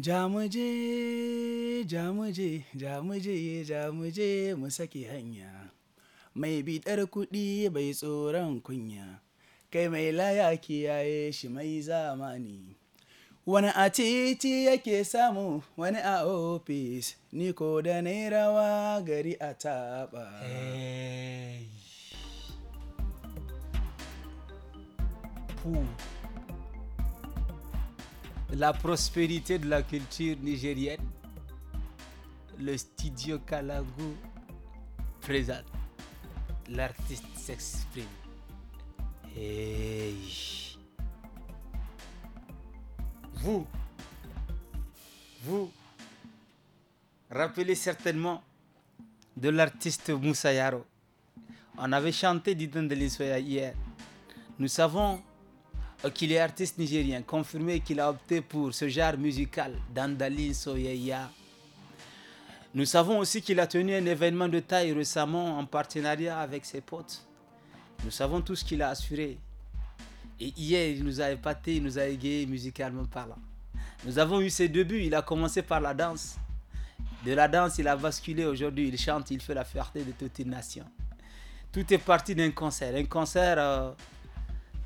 jamuje jamuje jamuje, jamuje, mu saki hanya. Mai biɗar kuɗi bai tsoron kunya, kai mai laya kiyaye shi mai zamani. Wani a titi yake samu, wani a ofis, ni ko da rawa gari a taɓa. Hey. la prospérité de la culture nigérienne, le studio Kalagou présente. L'artiste s'exprime. Et vous, vous rappelez certainement de l'artiste Moussa On avait chanté Didon de hier. Nous savons euh, qu'il est artiste nigérien, confirmé qu'il a opté pour ce genre musical, Dandali Soyeya. Nous savons aussi qu'il a tenu un événement de taille récemment en partenariat avec ses potes. Nous savons tout ce qu'il a assuré. Et hier, il nous a épaté, il nous a égayé musicalement parlant. Nous avons eu ses débuts, il a commencé par la danse. De la danse, il a basculé aujourd'hui, il chante, il fait la fierté de toute une nation. Tout est parti d'un concert. Un concert, euh,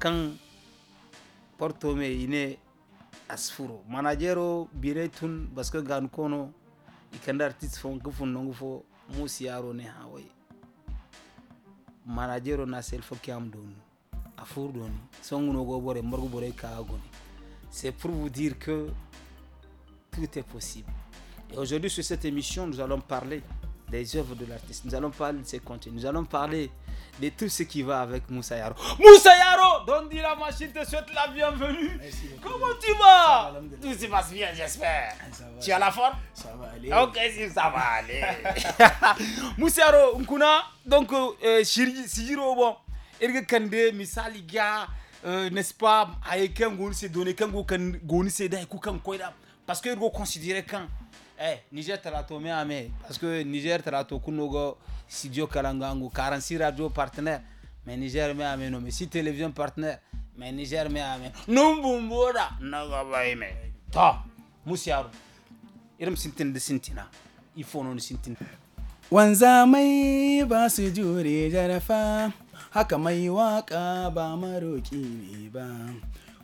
quand kortome ine asfuro manajero biretun baska gan kono ikanda artiste fon gufun nongu fo musi yaro ne hawai manajero na selfo fo kiam don afur don songu no go bore morgu bore ka agoni c'est pour vous dire que tout est possible et aujourd'hui sur cette émission nous allons parler des œuvres de l'artiste nous allons parler de ses contenus nous allons parler de tout ce qui va avec Moussa Yaro. Moussa Yaro, Dondi la machine te souhaite la bienvenue. Comment tu vas, Tout se passe bien, j'espère. Tu as la forme Ça va aller. Ok, si ça va aller. Moussa Yaro, Nkuna, donc euh, euh Shiro, bon, Erge Kande, Misali euh, n'est-ce pas, Aïe Kangouni se donné, Kangouni se da, Koukan Koida, parce que Ergo considérait quand. Eh, Niger t'a to mɛ a mɛ parce que Niger t'a to kungo studio kalangangu 46 radio partenaire mais Niger mɛ a mɛ no mais si télévision partenaire mais Niger mɛ a mɛ numbun bora na ga bai mɛ ta musiyaru irin sintin de sintina ifo non sintin wanzamai ba su jure jarafa haka mai waka ba maroki ne ba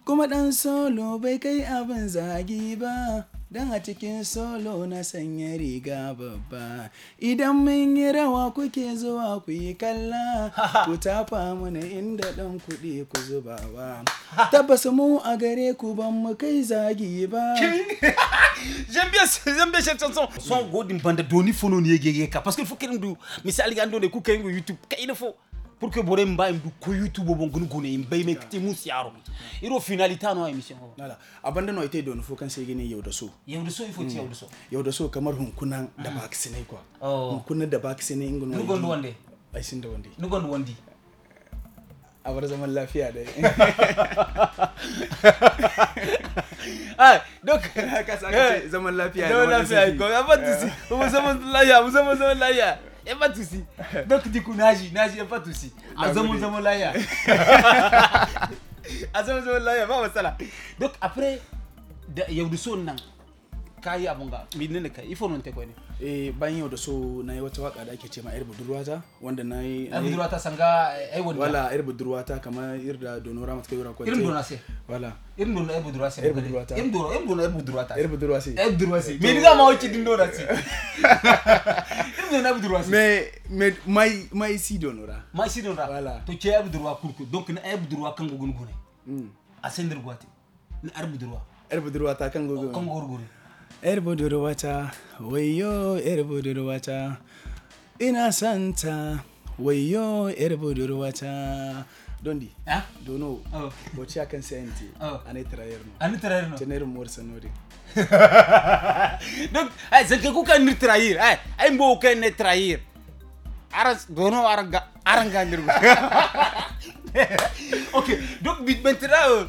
kuma dan solo bai kai abin zagi ba Don a cikin solo na sanya riga babba. Idan mun yi rawa kuke zuwa ku yi kalla, ku tafa mana inda ɗan kuɗi ku zubawa. Tabbas mu a gare ku ban mu kai zagi ba. j'aime bien j'aime bien cette chanson son godin banda doni fono ni yegege ka parce qu'il faut qu'il nous misali gando ne ku kayo youtube ka il faut pour que bore mba mdu ko youtube bon gun gune mbe me kiti mun siaro iro finalita no emission ho wala abanda no ite don fo kan sai gine yau da so yau da so ifo ti yau da so mm. yau da so kamar hunkunan da vaccine kwa oh. hunkunan da vaccine ingun wani nugon wande ai sin da wande nugon wande a bar zaman lafiya da ah donc ka sa eh, zaman lafiya zaman lafiya ko abanda si eh. mu zaman lafiya mu zaman zaman lafiya n'y a pas de souci. Donc du coup, Naji, Naji, il n'y a pas de souci. A zaman laya. A zaman Laya, va voir ça Donc après, il y a eu des sons. yi Abonga, ga, mene ne ka, ifo non te ne. Eh bayan yau da so na yi wata waka da ake ce ma yar budurwata wanda na yi. Yar budurwata sanga ai wanda. Wala yar budurwata kamar yar da donora mata kai wura kwance. Irin donora Wala. Irin donora yar budurwata. Yar budurwata. Irin donora yar budurwata. Yar budurwata. Yar budurwata. Me ni za ma wace din donora ce. ne na budurwa mais mais mai mai si donora mai si donora voilà to ce budurwa kurku donc na ay budurwa kan gogun gune mm a sender na budurwa ar er budurwa ta kan gogun kan gogun yar er budurwa ta wayo yar er budurwa ta ina santa wayo yar budurwa ta dondi ah dono oh. bocci akan senti oh. ane traerno ane no tenere morsa sanori donc ay c'est que kuka ni trahir ay ay mbo ka ne trahir aras dono aranga aranga ngir ok donc bit maintenant euh,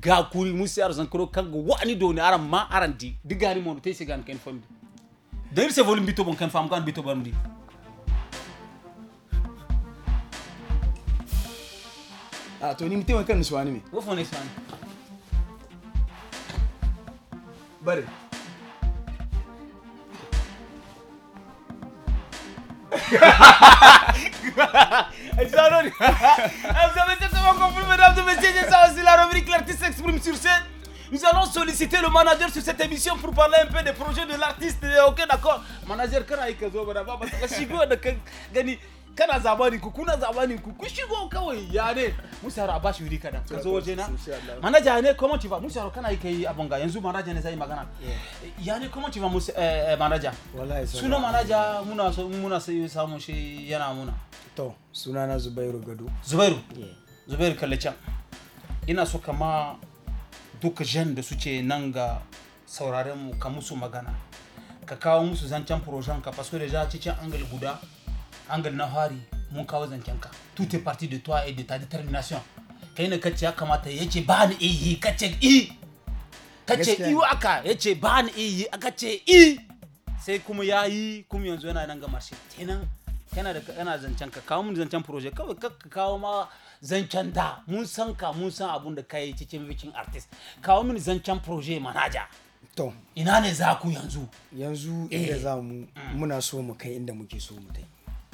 ga kuri musi arzan kuro kanga wani doni aran ma aran di gari mon te se gan ken famdi dem se volum bito bon ken fam gan bito bon di a to ni mite kan suwani me wo fone suwani bare Ha ha ha ha! Vous compris, mesdames et messieurs, c'est ça aussi la rubrique L'artiste s'exprime sur scène. Nous allons solliciter le manager sur cette émission pour parler un peu des projets de l'artiste. Eh, ok, d'accord. Manager, quand il y a kana zabani ku kuna zabani ku ku shigo kawai ya ne musa ra bashi wuri kada ka zo waje na manaja ne comment tu vas musa kana yake ah, yanzu manaja ne sai magana ya ne comment tu vas musa manaja wallahi suna manaja muna so muna sai samu shi yana muna to suna na zubairu gado zubairu zubair kalli can ina so kama duka jan da suke nan ga sauraren mu ka musu magana ka kawo musu zancen projan ka parce que déjà cikin guda mun kawo tout est parti de toi et de ta détermination kai ne kace ya kamata yace ba ni eh kace i kace i aka yace ba aka i kana da kana zancen ka kawo mun zancen project kawai ka kawo ma zancen da mun san ka mun san abun da kai cikin bikin artist kawo mun zancen project manaja. to ina ne za ku yanzu yanzu inda eh. za mu mm. muna so mu kai inda muke so mu tai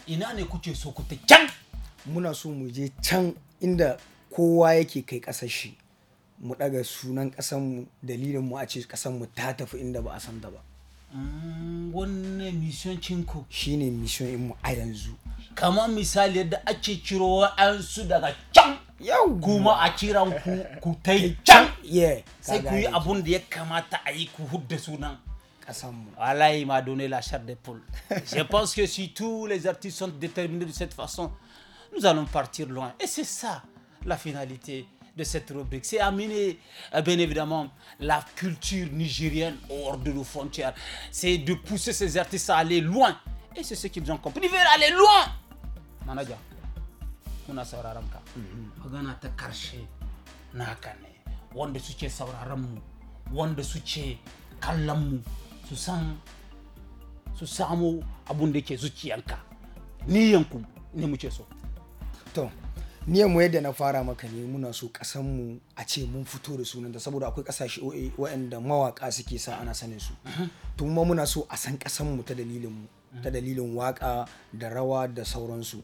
ina ne kuke so ku tai can muna so mu je can inda kowa yake kai kasar shi mu daga sunan kasan mu dalilin mu a ce kasan mu ta tafi inda ba a san da ba Mm, wannan mission cinku shine mission mu a yanzu kamar misali yadda ake ciro su daga can yau kuma a kiran ku ku ta yi can sai ku yi abun da ya kamata a yi ku hudda sunan kasanmu wallahi ma donné la chair poule je pense que si tous les artistes sont déterminés de cette façon nous allons partir loin et c'est ça la finalité de cette rubrique, c'est amener euh, bien évidemment la culture nigérienne hors de nos frontières. C'est de pousser ces artistes à aller loin. Et c'est ce qu'ils ont compris. Ils veulent aller loin. Manaja, muna sauraron ka. Magana mhm. ta karshe naka ne. Wanda suke sauraron mu, wanda suke kallon mu, su san su samu abun da ke zuciyanka. Niyanku ne muke so. To, Ni mu yadda na fara maka ne muna so kasan mu a ce mun fito da sunan da saboda akwai kasashe waɗanda mawaka suke sa ana sanin su to kuma muna so a san kasan mu ta dalilin mu ta dalilin waka da rawa da sauransu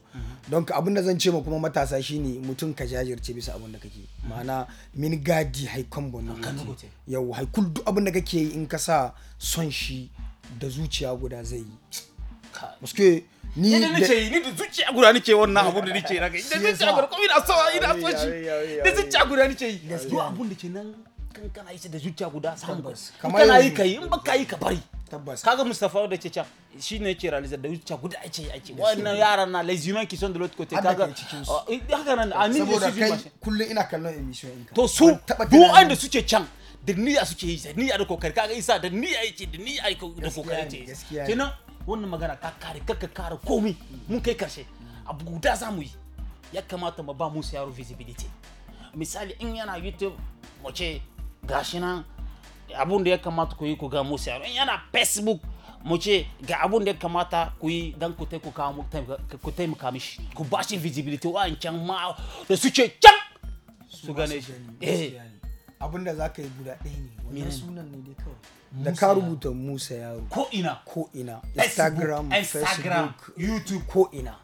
don ka abin zan ce ma kuma matasa shine mutum ka jajirce bisa abin da kake ma'ana min gadi haikon bono yau haikul duk abin da kake yi in ka sa son shi da zuciya guda zai yi que ni da ni da zuciya guda nake wannan abun da nake raka idan zuciya guda ko ina sawa ina so shi da zuciya guda nake yi gaskiya abun da ke nan kan kana yi da zuciya guda samu bas kana yi kai in baka yi ka bari tabbas kaga mustafa da ce can shi ne yake realizar da wuce guda ake yi ake wannan yaran na les humains qui sont de l'autre côté kaga oh, eh, haka nan ah, da kai ina kallon emission ɗinka to su duk wanda suke can da niyya suke yi da niyya da kokari kaga isa da niyya yake da niyya da kokari yake kenan wannan magana ka kare karka kare komai mun kai karshe abu guda za mu yi ya kamata mu ba musu yaro visibility misali in yana youtube mu ce gashi nan abun da ya kamata ku yi ku ga musu yaro in yana facebook mu ce ga abun da ya kamata ku yi don ku ku taimaka mishi ku ba shi visibility can ma da su ce can su gane shi abinda za ka yi guda ɗaya ne wani sunan ne dai kawai da ka rubuta musa yaro ko ina ko ina instagram facebook youtube ko ina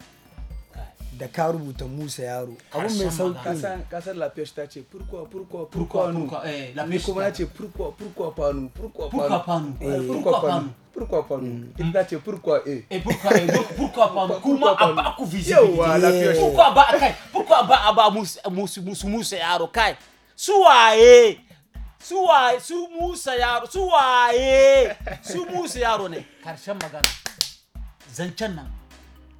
da ka rubuta musa yaro abin mai sauƙi kasar lafiyar ta ce furkuwa furkuwa furkuwa nu ni kuma na ce furkuwa furkuwa fanu furkuwa fanu furkuwa fanu furkuwa fanu in ta ce furkuwa e furkuwa fanu kuma a ba ku visi yawa ah, lafiyar furkuwa ba a kai furkuwa ba a ba musu musu musa yaro kai suwaye suwaye su musa yaro suwaye su musa yaro ne karshen magana zancen nan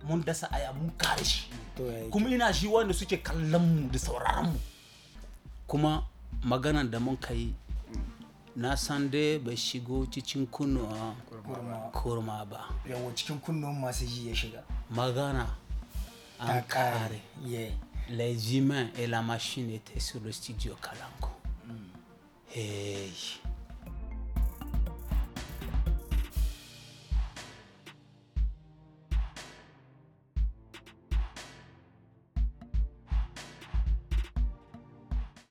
mun dasa aya mun kare shi kuma ina shi wanda suke kallon mu da sauraron mu kuma maganan da mun kai na san dai bai shigo cikin kunnuwa kurma ba yawo cikin kunnuwan masu yi ya shiga magana an kare yeah. les humains et la machine étaient sur le studio Kalango. Hmm.